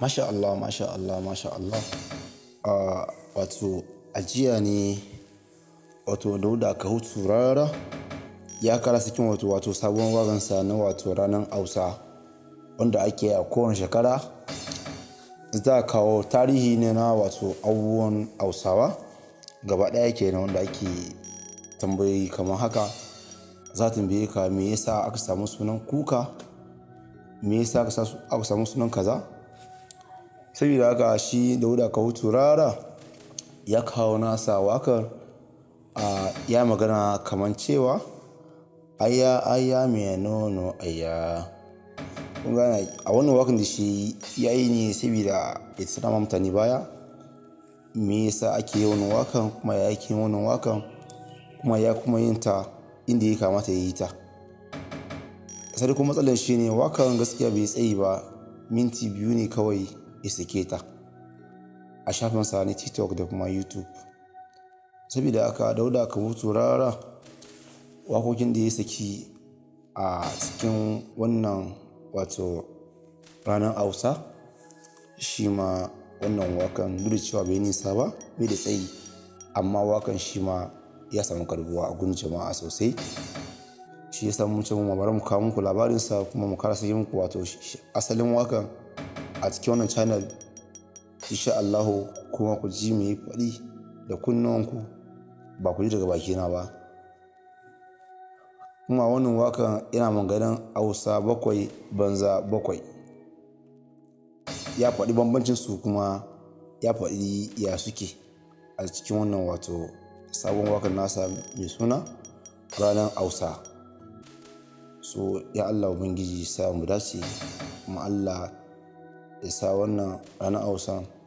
Masha Allah, Masha Allah, Masha Allah. wato ajiya ne wato dauda ka hutu rara ya kara cikin wato wato sabon wagansa na wato ranar hausa wanda ake a kowane shekara za a kawo tarihi ne na wato abubuwan hausawa gaba ɗaya ke na wanda ake tambayi kamar haka za ta biye ka me yasa aka samu sunan kuka me yasa aka samu sunan kaza saboda haka shi dauda hutu rara ya kawo nasa wakar ya magana kamar cewa aya aya mai nono aya a wannan wakan da shi ya yi ne saboda ya tsira mutane baya me yasa ake yi yawan wakan kuma ya ake wannan wakan kuma ya kuma yin ta inda ya kamata ya yi ta sai matsalar shi ne wakan gaskiya bai tsayi ba minti biyu ne kawai ta a shafin sani tiktok da kuma youtube saboda aka dauda ka mutu rara wakokin da ya saki a cikin wannan wato ranar hausa shi ma wannan wakan duk cewa bai nisa ba bai da tsayi amma wakan shi ma ya samu karbuwa a gun jama'a sosai shi ya samu cewa bari mu kawo muku labarinsa kuma mu karasa yi muku wato asalin wakan a cikin wannan channel insha Allahu kuma ku ji mu yi faɗi da kunnuwanku ba ku ji daga bakina ba kuma wannan wakan yana maganin hausa bakwai banza bakwai ya faɗi bambancin su kuma ya faɗi ya suke a cikin wannan wato sabon wakan nasa mai suna ranar hausa so ya allah ubangiji sa mu dace kuma allah isa wannan ranar hausa